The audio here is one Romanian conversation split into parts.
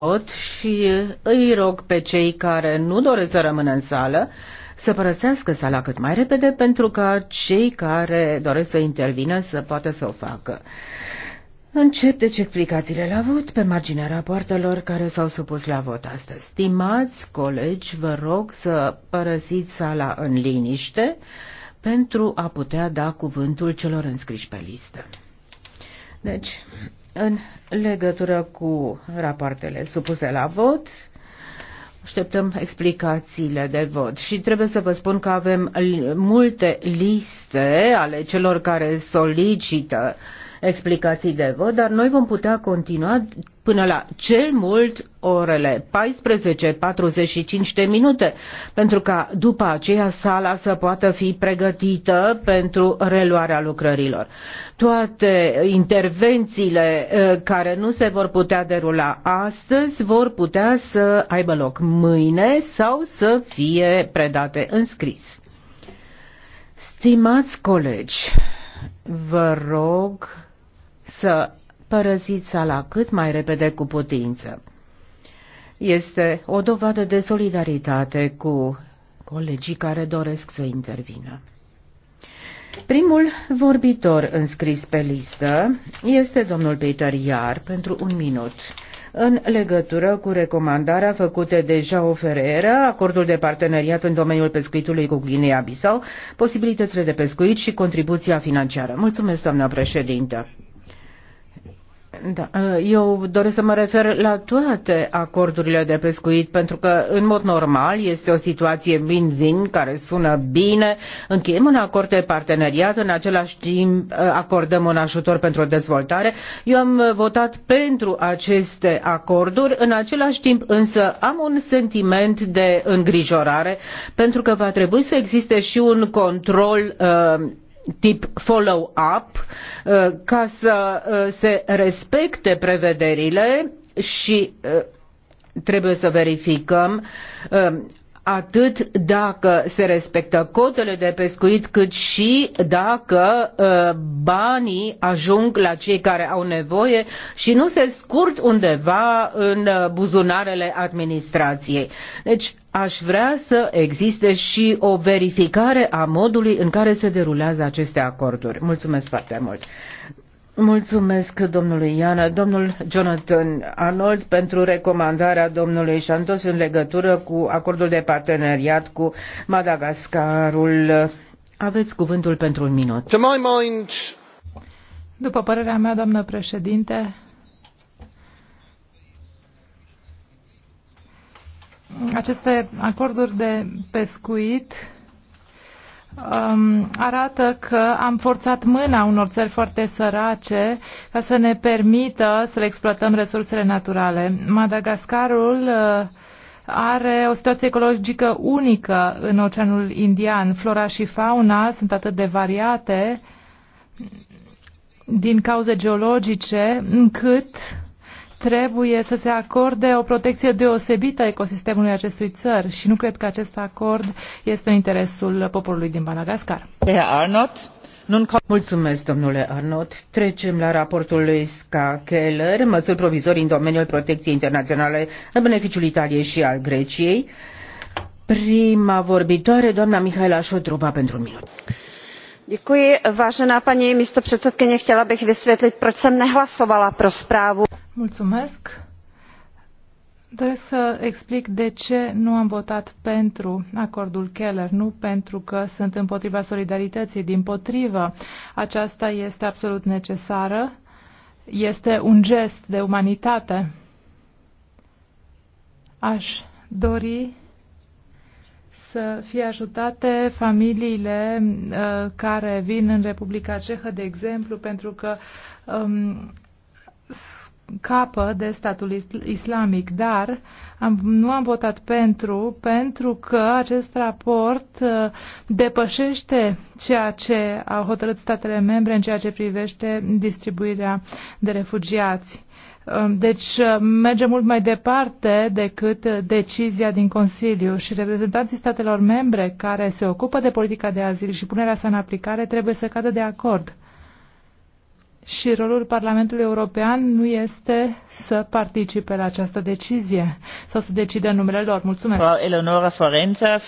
tot și îi rog pe cei care nu doresc să rămână în sală să părăsească sala cât mai repede pentru ca cei care doresc să intervină să poată să o facă. Încep deci explicațiile la vot pe marginea rapoartelor care s-au supus la vot astăzi. Stimați colegi, vă rog să părăsiți sala în liniște pentru a putea da cuvântul celor înscriși pe listă. Deci, în legătură cu rapoartele supuse la vot, Așteptăm explicațiile de vot și trebuie să vă spun că avem multe liste ale celor care solicită explicații de vot, dar noi vom putea continua până la cel mult orele 14-45 de minute, pentru ca după aceea sala să poată fi pregătită pentru reluarea lucrărilor. Toate intervențiile eh, care nu se vor putea derula astăzi vor putea să aibă loc mâine sau să fie predate în scris. Stimați colegi, vă rog să părăziți sala cât mai repede cu putință. Este o dovadă de solidaritate cu colegii care doresc să intervină. Primul vorbitor înscris pe listă este domnul Peter Iar pentru un minut în legătură cu recomandarea făcută de Jao Ferreira, acordul de parteneriat în domeniul pescuitului cu Guinea-Bissau, posibilitățile de pescuit și contribuția financiară. Mulțumesc, doamna președintă. Da, uh, eu doresc să mă refer la toate acordurile de pescuit, pentru că, în mod normal, este o situație win-win care sună bine. Încheiem un acord de parteneriat, în același timp uh, acordăm un ajutor pentru dezvoltare. Eu am uh, votat pentru aceste acorduri, în același timp însă am un sentiment de îngrijorare, pentru că va trebui să existe și un control uh, tip follow-up uh, ca să uh, se respecte prevederile și uh, trebuie să verificăm atât dacă se respectă cotele de pescuit, cât și dacă uh, banii ajung la cei care au nevoie și nu se scurt undeva în uh, buzunarele administrației. Deci aș vrea să existe și o verificare a modului în care se derulează aceste acorduri. Mulțumesc foarte mult! Mulțumesc domnului Iana, domnul Jonathan Arnold pentru recomandarea domnului Santos în legătură cu acordul de parteneriat cu Madagascarul. Aveți cuvântul pentru un minut. To my mind... După părerea mea, doamnă președinte, aceste acorduri de pescuit um, arată că am forțat mâna unor țări foarte sărace ca să ne permită să le exploatăm resursele naturale. Madagascarul uh, are o situație ecologică unică în Oceanul Indian. Flora și fauna sunt atât de variate din cauze geologice încât uh, trebuie să se acorde o protecție deosebită ecosistemului acestui țăr și nu cred că acest acord este în interesul poporului din Madagascar. Mulțumesc, domnule Arnott. Trecem la raportul lui Ska Keller, măsuri provizorii în domeniul protecției internaționale în beneficiul Italiei și al Greciei. Prima vorbitoare, doamna Mihaela Șodrova, pentru un minut paní předsedající chtěla bych vysvětlit proč jsem nehlasovala pro zprávu. doresc să explic de ce nu am votat pentru acordul keller nu pentru că sunt împotriva solidarității din potrivă aceasta este absolut necesară este un gest de umanitate. aș dori să fie ajutate familiile uh, care vin în Republica Cehă, de exemplu, pentru că um, capă de statul islamic, dar am, nu am votat pentru, pentru că acest raport uh, depășește ceea ce au hotărât statele membre în ceea ce privește distribuirea de refugiați. Um, deci uh, merge mult mai departe decât decizia din Consiliu și reprezentanții statelor membre care se ocupă de politica de azil și punerea sa în aplicare trebuie să cadă de acord și rolul Parlamentului European nu este să participe la această decizie sau să decide numele lor. Mulțumesc. Eleonora Forența.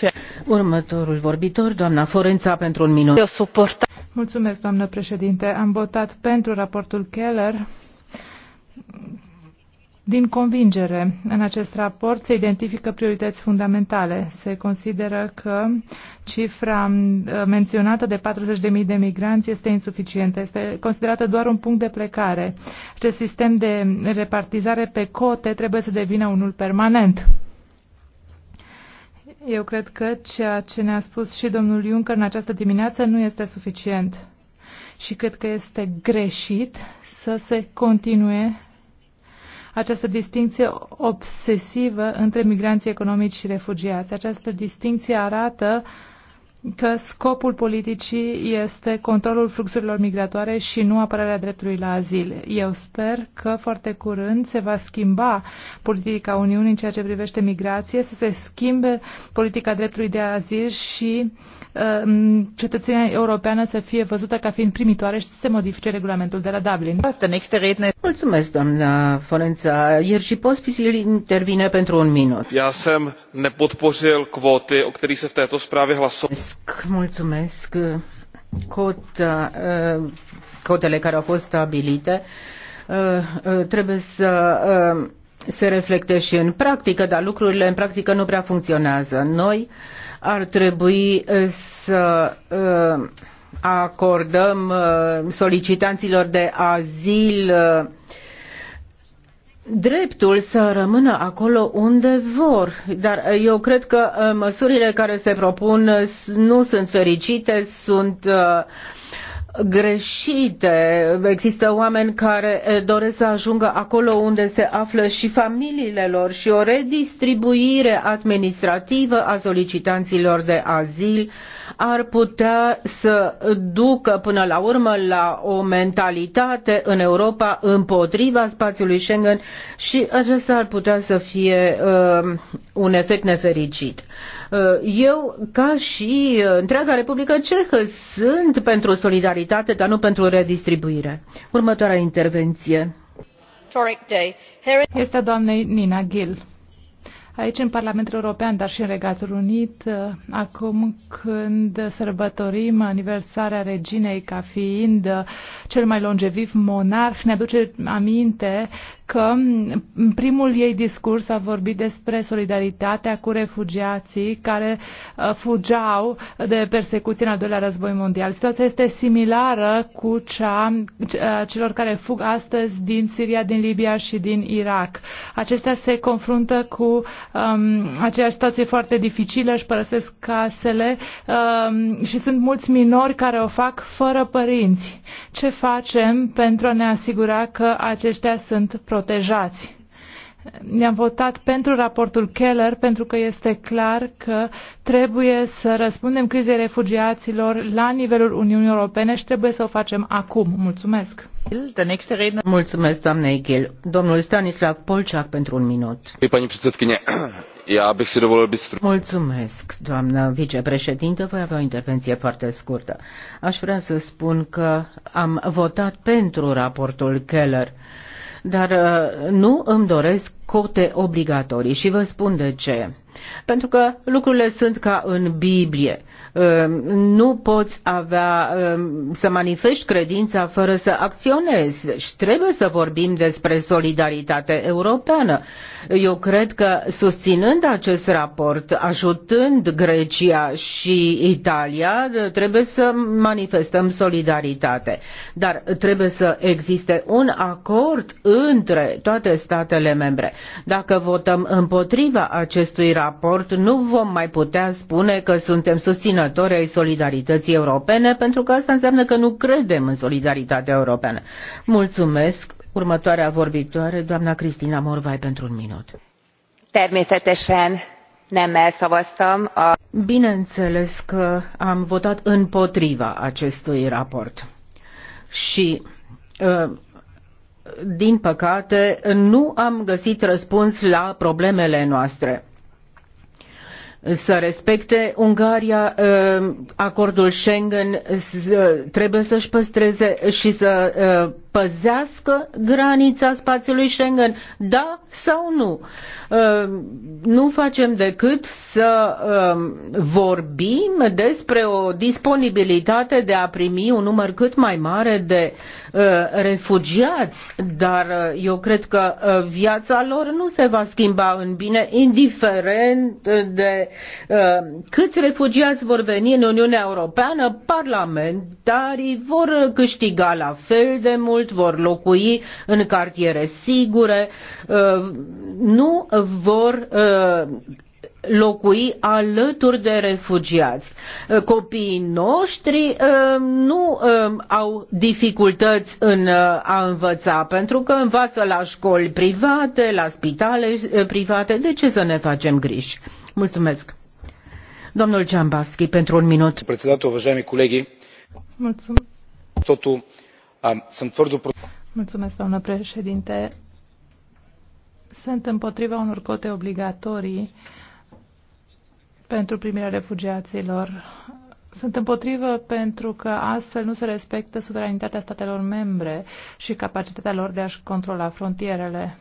Următorul vorbitor, doamna Forența, pentru un minut. Eu suport. Mulțumesc, doamnă președinte. Am votat pentru raportul Keller din convingere, în acest raport se identifică priorități fundamentale. Se consideră că cifra uh, menționată de 40.000 de migranți este insuficientă. Este considerată doar un punct de plecare. Acest sistem de repartizare pe cote trebuie să devină unul permanent. Eu cred că ceea ce ne-a spus și domnul Juncker în această dimineață nu este suficient. Și cred că este greșit să se continue această distinție obsesivă între migranții economici și refugiați. Această distinție arată uh, că scopul politicii este controlul fluxurilor migratoare și nu apărarea dreptului la azil. Eu sper că foarte curând se va schimba politica Uniunii în ceea ce privește migrație, să se schimbe politica dreptului de azil și uh, cetățenia europeană să fie văzută ca fiind primitoare și să se modifice regulamentul de la Dublin. Mulțumesc, doamna Forența. Ieri și pospisul intervine pentru un minut. Já jsem nepodpořil kvóty, o kterých se v této zprávě hlasovalo Mulțumesc, mulțumesc. Cota, uh, cotele care au fost stabilite uh, uh, trebuie să se reflecte și în practică, dar lucrurile în practică nu prea funcționează. Noi ar trebui să acordăm solicitanților de azil dreptul să rămână acolo unde vor. Dar uh, eu cred că uh, măsurile care se propun uh, nu sunt fericite, sunt uh, greșite. Există oameni care eh, doresc să ajungă acolo unde se află și familiile lor și o redistribuire administrativă a solicitanților de azil ar putea să ducă până la urmă la o mentalitate în Europa împotriva spațiului Schengen și acesta ar putea să fie uh, un efect nefericit. Uh, Uh, eu, ca și uh, întreaga Republică Cehă, sunt pentru solidaritate, dar nu pentru redistribuire. Următoarea intervenție. Este doamnei Nina Gill. Aici, în Parlamentul European, dar și în Regatul Unit, uh, acum când sărbătorim aniversarea reginei ca fiind cel mai longeviv monarh, ne aduce aminte că în primul ei discurs a vorbit despre solidaritatea cu refugiații care uh, fugeau de persecuții în al doilea război mondial. Situația este similară cu cea uh, celor care fug astăzi din Siria, din Libia și din Irak. Acestea se confruntă cu um, aceeași situație foarte dificilă, își părăsesc casele um, și sunt mulți minori care o fac fără părinți. Ce facem pentru a ne asigura că aceștia sunt protejați? protejați. Ne-am votat pentru raportul Keller pentru că este clar că trebuie să răspundem crizei refugiaților la nivelul Uniunii Europene și trebuie să o facem acum. Mulțumesc! Mulțumesc, doamne Egil. Domnul Stanislav Polciac pentru un minut. Păi, Mulțumesc, doamnă vicepreședintă. Voi avea o intervenție foarte scurtă. Aș vrea să spun că am votat pentru raportul Keller dar uh, nu îmi doresc cote obligatorii și vă spun de ce. Pentru că lucrurile sunt ca în Biblie. Ehm, nu poți avea ehm, să manifesti credința fără să acționezi. Și deci trebuie să vorbim despre solidaritate europeană. Eu cred că susținând acest raport, ajutând Grecia și Italia, trebuie să manifestăm solidaritate. Dar trebuie să existe un acord între toate statele membre. Dacă votăm împotriva acestui raport, nu vom mai putea spune că suntem susținători susținători ai solidarității europene, pentru că asta înseamnă că nu credem în solidaritatea europeană. Mulțumesc. Următoarea vorbitoare, doamna Cristina Morvai, pentru un minut. Természetesen nemmel szavaztam. A... Bineînțeles că am votat împotriva acestui raport. Și ă, din păcate, nu am găsit răspuns la problemele noastre să respecte Ungaria ă, acordul Schengen, trebuie să-și păstreze și să ă, păzească granița spațiului Schengen, da sau nu. Uh, nu facem decât să um, vorbim despre o disponibilitate de a primi un număr cât mai mare de uh, refugiați, dar uh, eu cred că viața lor nu se va schimba în bine, indiferent de câți refugiați vor veni în Uniunea Europeană, parlamentarii vor câștiga la fel de mult mult, vor locui în cartiere sigure, uh, nu vor uh, locui alături de refugiați. Uh, copiii noștri nu au dificultăți în a învăța, pentru că învață la școli private, la spitale private. De ce să ne facem griji? Mulțumesc. Domnul Ciambaschi, pentru un minut. Mulțumesc. totul sunt doamnă președinte. Sunt împotriva unor cote obligatorii pentru primirea refugiaților. Sunt împotrivă pentru că astfel nu se respectă suveranitatea statelor membre și capacitatea lor de a-și controla frontierele.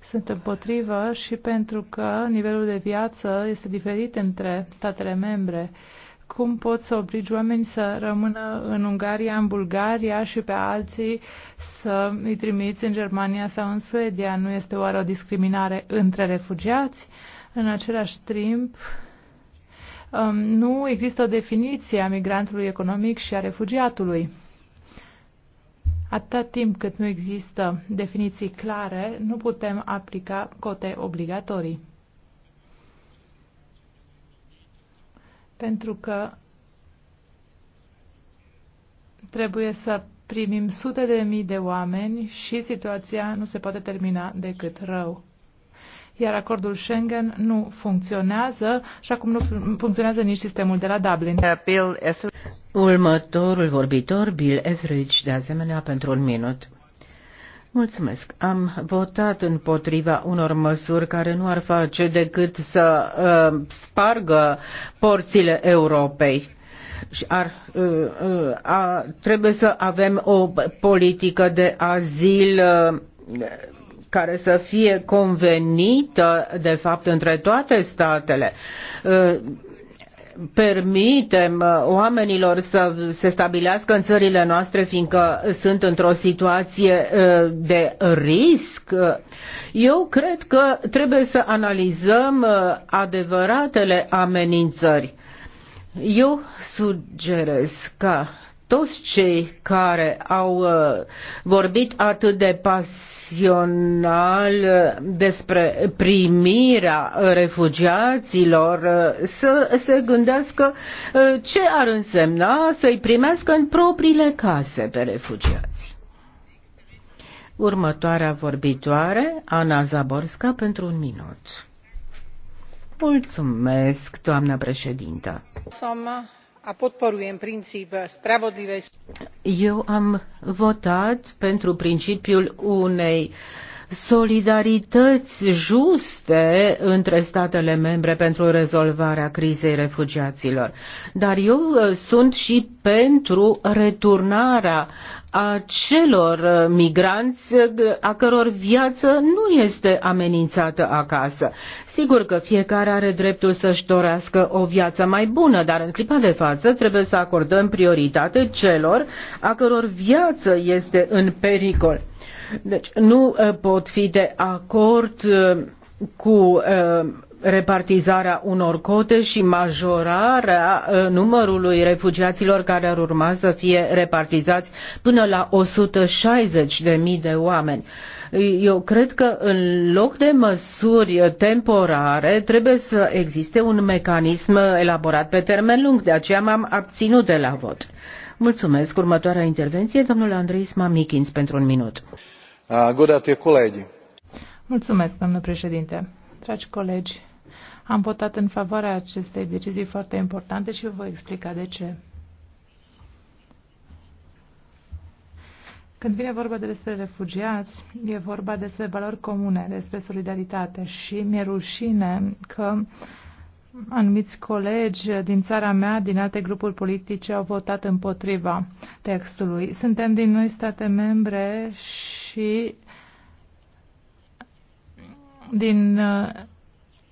Sunt împotrivă și pentru că nivelul de viață este diferit între statele membre. Uh, cum poți să obligi oameni să rămână în Ungaria, în Bulgaria și pe alții să îi trimiți în Germania sau în Suedia? Nu este oare o discriminare între refugiați? În același timp, um, nu există o definiție a migrantului economic și a refugiatului. Atâta timp cât nu există definiții clare, nu putem aplica cote obligatorii. pentru că trebuie să primim sute de mii de oameni și situația nu se poate termina decât rău. Iar acordul Schengen nu funcționează și acum nu funcționează nici sistemul de la Dublin. Bill Următorul vorbitor, Bill Ezrich, de asemenea, pentru un minut. Mulțumesc. Am votat împotriva unor măsuri care nu ar face decât să uh, spargă porțile Europei. Și ar, uh, uh, a, trebuie să avem o politică de azil uh, care să fie convenită, de fapt, între toate statele. Uh, permitem uh, oamenilor să se stabilească în țările noastre, fiindcă sunt într-o situație uh, de risc. Eu cred că trebuie să analizăm uh, adevăratele amenințări. Eu sugerez ca toți cei care au uh, vorbit atât de pasional uh, despre primirea uh, refugiaților să se gândească ce ar însemna să-i primească în propriile case pe refugiați. Următoarea vorbitoare, Ana Zaborska, pentru un minut. Mulțumesc, doamna președintă a podporujem princíp spravodlivej. Eu am votat pentru principiul unei solidarități juste între statele membre pentru rezolvarea crizei refugiaților. Dar eu uh, sunt și pentru returnarea uh, acelor uh, migranți uh, a căror viață nu este amenințată acasă. Sigur că fiecare are dreptul să-și dorească o viață mai bună, dar în clipa de față trebuie să acordăm prioritate celor a căror viață este în pericol. Deci nu uh, pot fi de acord uh, cu uh, repartizarea unor cote și majorarea uh, numărului refugiaților care ar urma să fie repartizați până la 160.000 de de oameni. Eu cred că în loc de măsuri temporare trebuie să existe un mecanism elaborat pe termen lung, de aceea m-am abținut de la vot. Mulțumesc. Următoarea intervenție, domnul Andrei Smamichins, pentru un minut. Ah, Godate colegi. Mulțumesc, domnule președinte. Dragi colegi, am votat în favoarea acestei decizii foarte importante și vă voi explica de ce. Când vine vorba de despre refugiați, e vorba despre valori comune, despre solidaritate și mi-e rușine că anumiți colegi din țara mea, din alte grupuri politice, au votat împotriva textului. Suntem din noi state membre și din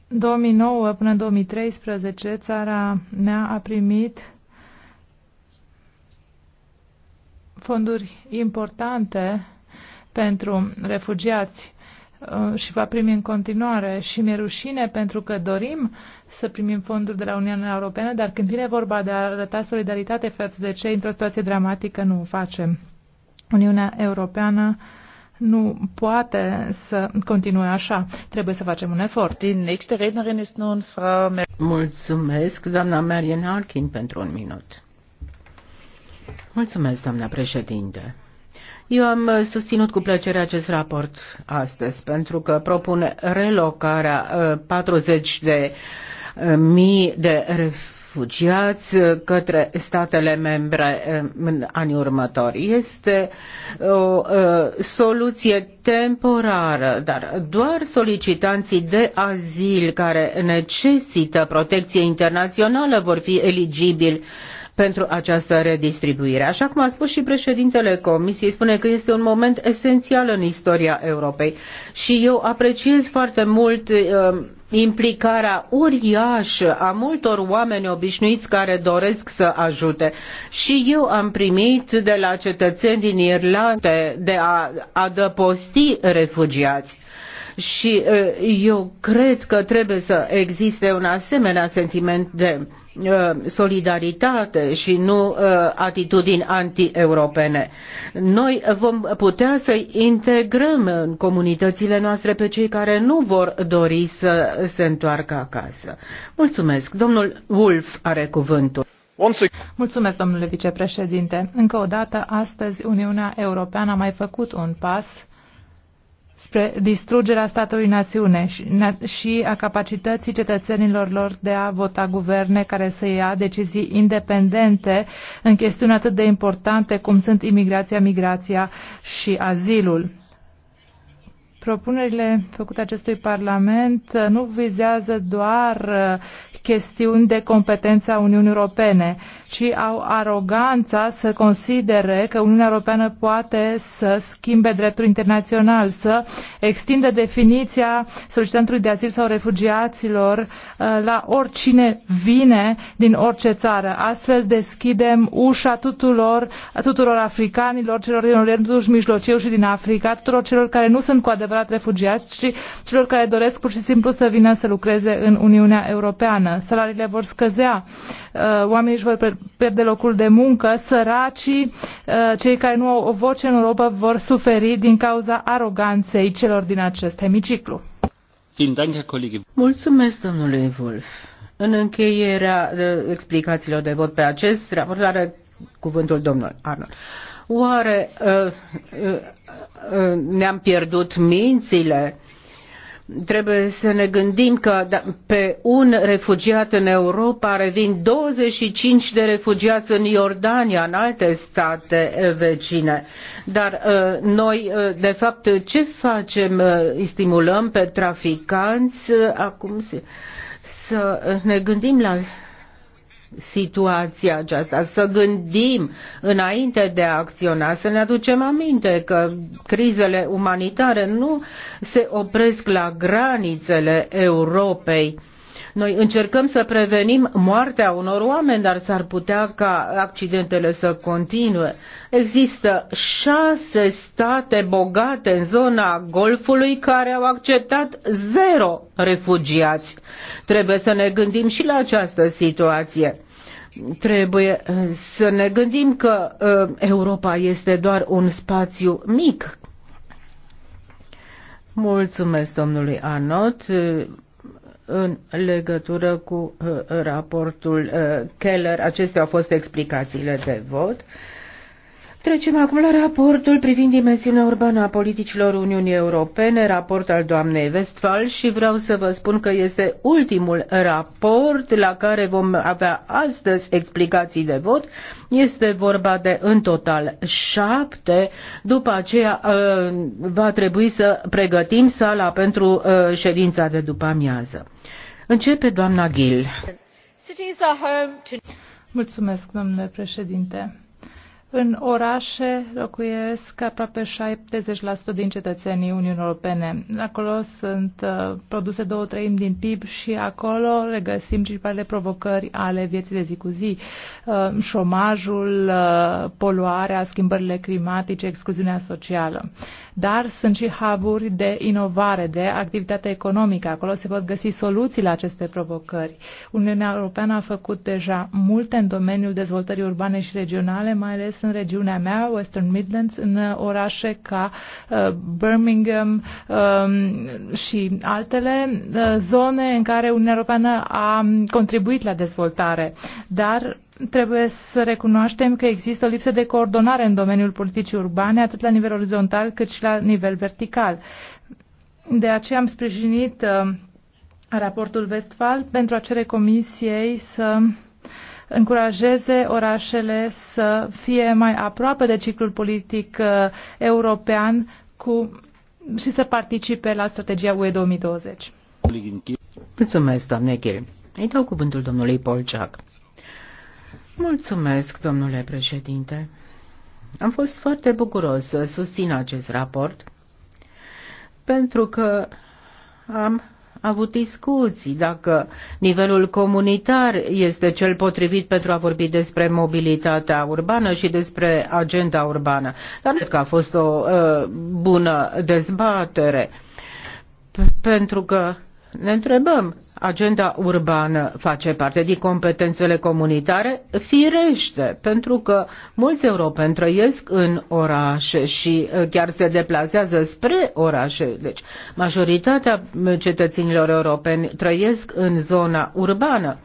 2009 uh, până 2013, țara mea a primit fonduri importante pentru refugiați uh, și va primi în continuare și mi-e rușine pentru că dorim să primim fonduri de la Uniunea Europeană, dar când vine vorba de a arăta solidaritate față de cei într-o situație dramatică, nu o facem. Uniunea Europeană uh, nu poate să continue așa. Trebuie să facem un efort. Mulțumesc, doamna Marian Harkin, pentru un minut. Mulțumesc, doamna președinte. Eu am uh, susținut cu plăcere acest raport astăzi, pentru că propune relocarea 40 uh, de uh, mii de refugiați refugiați uh, către statele membre uh, în anii următori. Este o uh, soluție temporară, dar doar solicitanții de azil care necesită protecție internațională vor fi eligibili pentru această redistribuire. Așa cum a spus și președintele Comisiei, spune că este un moment esențial în istoria Europei și eu apreciez foarte mult uh, implicarea uriașă a multor oameni obișnuiți care doresc să ajute. Și eu am primit de la cetățeni din Irlanda de a adăposti refugiați. Și uh, eu cred că trebuie să existe un asemenea sentiment de Uh, solidaritate și nu uh, atitudini anti-europene. Noi vom putea să integrăm în comunitățile noastre pe cei care nu vor dori să se întoarcă acasă. Mulțumesc. Domnul Wolf are cuvântul. Mulțumesc, domnule vicepreședinte. Încă o dată, astăzi Uniunea Europeană a mai făcut un pas spre distrugerea statului națiune și a capacității cetățenilor lor de a vota guverne care să ia decizii independente în chestiuni atât de importante cum sunt imigrația, migrația și azilul. Propunerile făcute acestui Parlament uh, nu vizează doar uh, chestiuni de competență a Uniunii Europene, ci au aroganța să considere că Uniunea Europeană poate să schimbe dreptul internațional, să extindă definiția solicitantului de azil sau refugiaților uh, la oricine vine din orice țară. Astfel deschidem ușa tuturor, tuturor africanilor, celor din Orientul Mijlociu și din Africa, tuturor celor care nu sunt cu adevărat adevărat refugiați, ci celor care doresc pur și simplu să vină să lucreze în Uniunea Europeană. Salariile vor scăzea, uh, oamenii își vor pierde locul de muncă, săracii, uh, cei care nu au o voce în Europa vor suferi din cauza aroganței celor din acest hemiciclu. Mulțumesc, domnule Wolf. În încheierea uh, explicațiilor de vot pe acest raport are cuvântul domnul Arnold. Oare ă, ă, ă, ne-am pierdut mințile? trebuie să ne gândim că da, pe un refugiat în Europa revin 25 de refugiați în Iordania, în alte state vecine. Dar noi, de fapt, ce facem? Îi stimulăm pe traficanți acum să ne gândim la situația aceasta, să gândim înainte de a acționa, să ne aducem aminte că crizele umanitare nu se opresc la granițele Europei noi încercăm să prevenim moartea unor oameni, dar s-ar putea ca accidentele să continue. Există șase state bogate în zona Golfului care au acceptat zero refugiați. Trebuie să ne gândim și la această situație trebuie uh, să ne gândim că uh, Europa este doar un spațiu mic. Mulțumesc domnului Anot în legătură cu uh, raportul uh, Keller. Acestea au fost explicațiile de vot. Trecem acum la raportul privind dimensiunea urbană a politicilor Uniunii Europene, raport al doamnei Westphal și vreau să vă spun că este ultimul raport la care vom avea astăzi explicații de vot. Este vorba de în total șapte, după aceea ă, va trebui să pregătim sala pentru ă, ședința de după amiază. Începe doamna Gil. Mulțumesc, domnule președinte. În orașe locuiesc aproape 70% din cetățenii Uniunii Europene. Acolo sunt uh, produse două treimi din PIB și acolo regăsim principalele provocări ale vieții de zi cu zi. Uh, șomajul, uh, poluarea, schimbările climatice, excluziunea socială. Uh, dar sunt și haburi de inovare, de activitate economică. Acolo se pot găsi soluții la aceste provocări. Uniunea Europeană a făcut deja multe în domeniul dezvoltării urbane și regionale, mai ales în regiunea mea, Western Midlands, în orașe ca uh, Birmingham um, și altele, uh, zone în care Uniunea Europeană a contribuit la dezvoltare. Dar trebuie să recunoaștem că există o lipsă de coordonare în domeniul politicii urbane, atât la nivel orizontal cât și la nivel vertical. De aceea am sprijinit uh, raportul Vestfal pentru a cere comisiei să încurajeze orașele să fie mai aproape de ciclul politic uh, european cu, și să participe la strategia UE 2020. Mulțumesc, doamne Chir. Îi dau cuvântul domnului Polciac. Mulțumesc, domnule președinte. Am fost foarte bucuros să susțin acest raport pentru că am avut discuții dacă nivelul comunitar este cel potrivit pentru a vorbi despre mobilitatea urbană și despre agenda urbană. Dar cred că a fost o uh, bună dezbatere pentru că ne întrebăm, agenda urbană face parte din competențele comunitare? Firește, pentru că mulți europeni trăiesc în orașe și eh, chiar se deplasează spre orașe. Deci, majoritatea cetățenilor europeni trăiesc în zona urbană.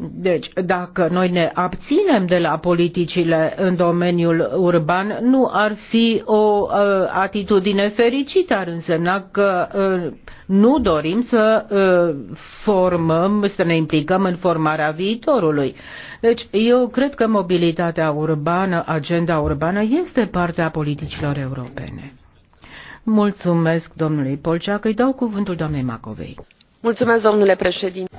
Deci, dacă noi ne abținem de la politicile în domeniul urban, nu ar fi o uh, atitudine fericită, ar însemna că uh, nu dorim să uh, formăm, să ne implicăm în formarea viitorului. Deci, eu cred că mobilitatea urbană, agenda urbană, este parte a politicilor europene. Mulțumesc domnului Polcea că îi dau cuvântul doamnei Macovei. Mulțumesc, domnule președinte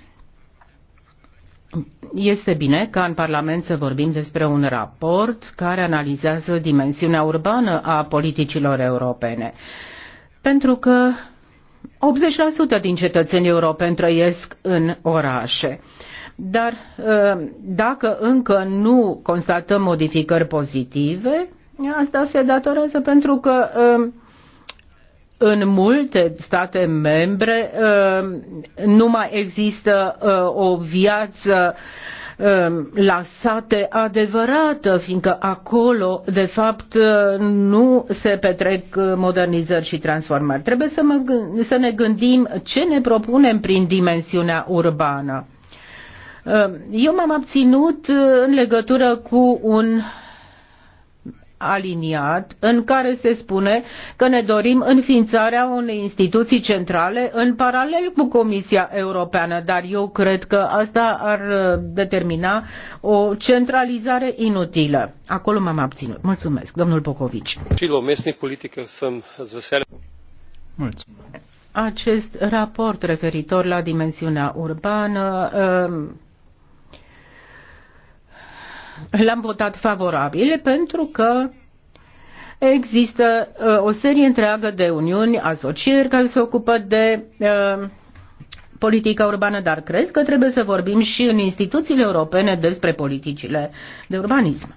este bine ca în Parlament să vorbim despre un raport care analizează dimensiunea urbană a politicilor europene. Pentru că 80% din cetățenii europeni trăiesc în orașe. Dar ă, dacă încă nu constatăm modificări pozitive, asta se datorează pentru că ă, în multe state membre uh, nu mai există uh, o viață uh, la sate adevărată, fiindcă acolo, de fapt, nu se petrec modernizări și transformări. Trebuie să, mă, să ne gândim ce ne propunem prin dimensiunea urbană. Eu m-am abținut în legătură cu un aliniat în care se spune că ne dorim înființarea unei instituții centrale în paralel cu Comisia Europeană, dar eu cred că asta ar uh, determina o centralizare inutilă. Acolo m-am abținut. Mulțumesc, domnul Pocovici. Mulțumesc. Acest raport referitor la dimensiunea urbană uh, L-am votat favorabil pentru că există uh, o serie întreagă de uniuni, asocieri care se ocupă de uh, politica urbană, dar cred că trebuie să vorbim și în instituțiile europene despre politicile de urbanism.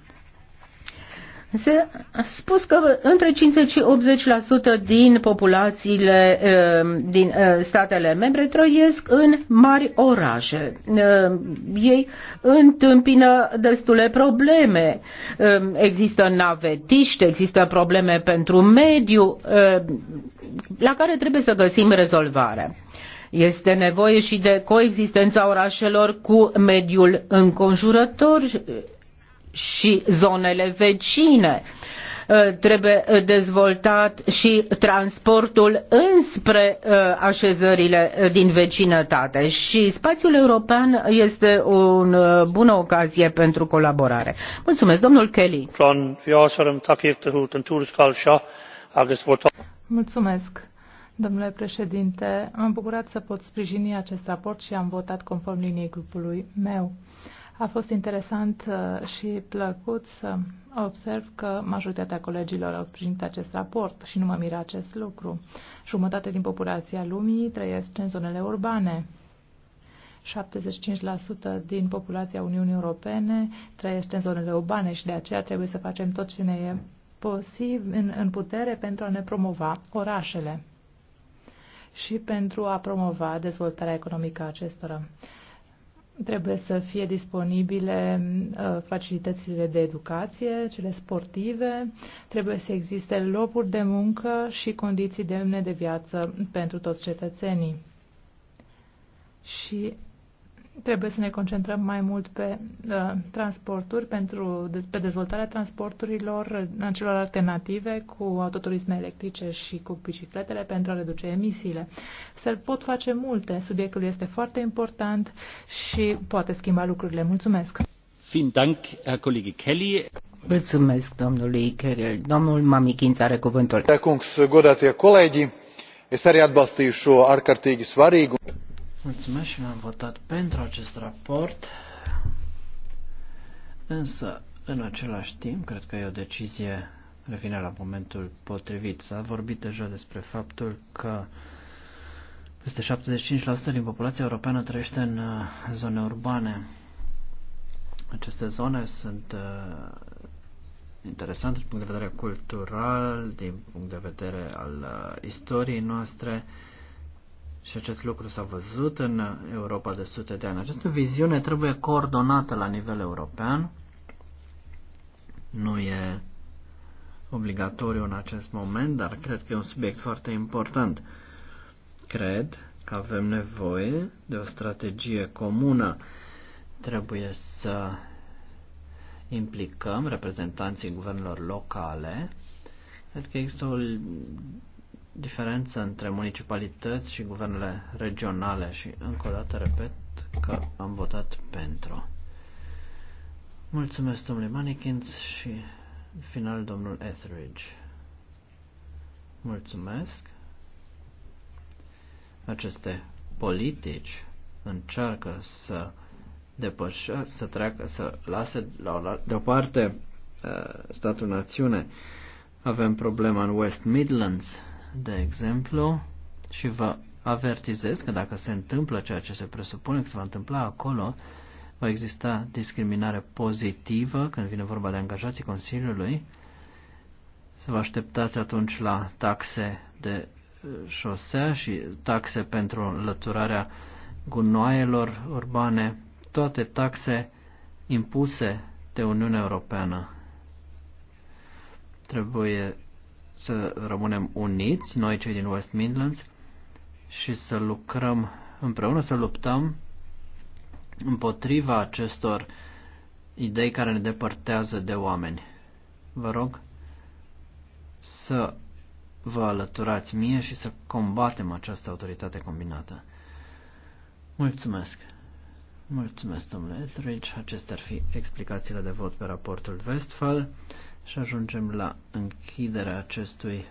Se a spus că între 50 și 80% din populațiile eh, din eh, statele membre trăiesc în mari orașe. Eh, ei întâmpină destule probleme. Există navetiști, există probleme pentru mediu, la care trebuie să găsim rezolvare. Este nevoie și de coexistența orașelor cu mediul înconjurător și zonele vecine uh, trebuie uh, dezvoltat și transportul înspre uh, așezările din vecinătate și spațiul european este o bună ocazie pentru colaborare. Mulțumesc, domnul Kelly. Mulțumesc. Domnule președinte, am bucurat să pot sprijini acest raport și am votat conform liniei grupului meu. A fost interesant uh, și plăcut să observ că majoritatea colegilor au sprijinit acest raport și nu mă miră acest lucru. Jumătate din populația lumii trăiesc în zonele urbane. 75% din populația Uniunii Europene trăiește în zonele urbane și de aceea trebuie să facem tot ce ne e posibil, în, în putere pentru a ne promova orașele și pentru a promova dezvoltarea economică a acestora trebuie să fie disponibile uh, facilitățile de educație, cele sportive, trebuie să existe locuri de muncă și condiții demne de viață pentru toți cetățenii. Și trebuie să ne concentrăm mai mult pe uh, transporturi, pentru, pe dezvoltarea transporturilor în celor alternative cu autoturisme electrice și cu bicicletele pentru a reduce emisiile. Se pot face multe, subiectul este foarte important și poate schimba lucrurile. Mulțumesc! Mulțumesc domnului Kelly. Domnul Mamikins are cuvântul. Kungs, godātie kolēģi, es arī o ārkārtīgi svarīgu Mulțumesc și am votat pentru acest raport, însă în același timp cred că e o decizie revine la momentul potrivit. S-a vorbit deja despre faptul că peste 75% din populația europeană trăiește în uh, zone urbane. Aceste zone sunt uh, interesante din punct de vedere cultural, din punct de vedere al uh, istoriei noastre. Uh, și acest lucru s-a văzut în Europa de sute de ani. Această viziune trebuie coordonată la nivel european. Nu e obligatoriu în acest moment, dar cred că e un subiect foarte important. Cred că avem nevoie de o strategie comună. Trebuie să implicăm reprezentanții guvernelor locale. Cred că există o diferență între municipalități și guvernele regionale și încă o dată repet că am votat pentru. Mulțumesc domnule Manikins și în final domnul Etheridge. Mulțumesc. Aceste politici încearcă să depășească, să treacă, să lase la, deoparte uh, statul națiune. Avem problema în West Midlands, de exemplu, și vă avertizez că dacă se întâmplă ceea ce se presupune că se va întâmpla acolo, va exista discriminare pozitivă când vine vorba de angajații Consiliului. Să vă așteptați atunci la taxe de uh, șosea și taxe pentru lăturarea gunoaielor urbane, toate taxe impuse de Uniunea Europeană. Trebuie să rămânem uniți, noi cei din West Midlands, și să lucrăm împreună, să luptăm împotriva acestor idei care ne depărtează de oameni. Vă rog să vă alăturați mie și să combatem această autoritate combinată. Mulțumesc! Mulțumesc, domnule Etheridge. Acestea ar fi explicațiile de vot pe raportul Westfall și ajungem la închiderea acestui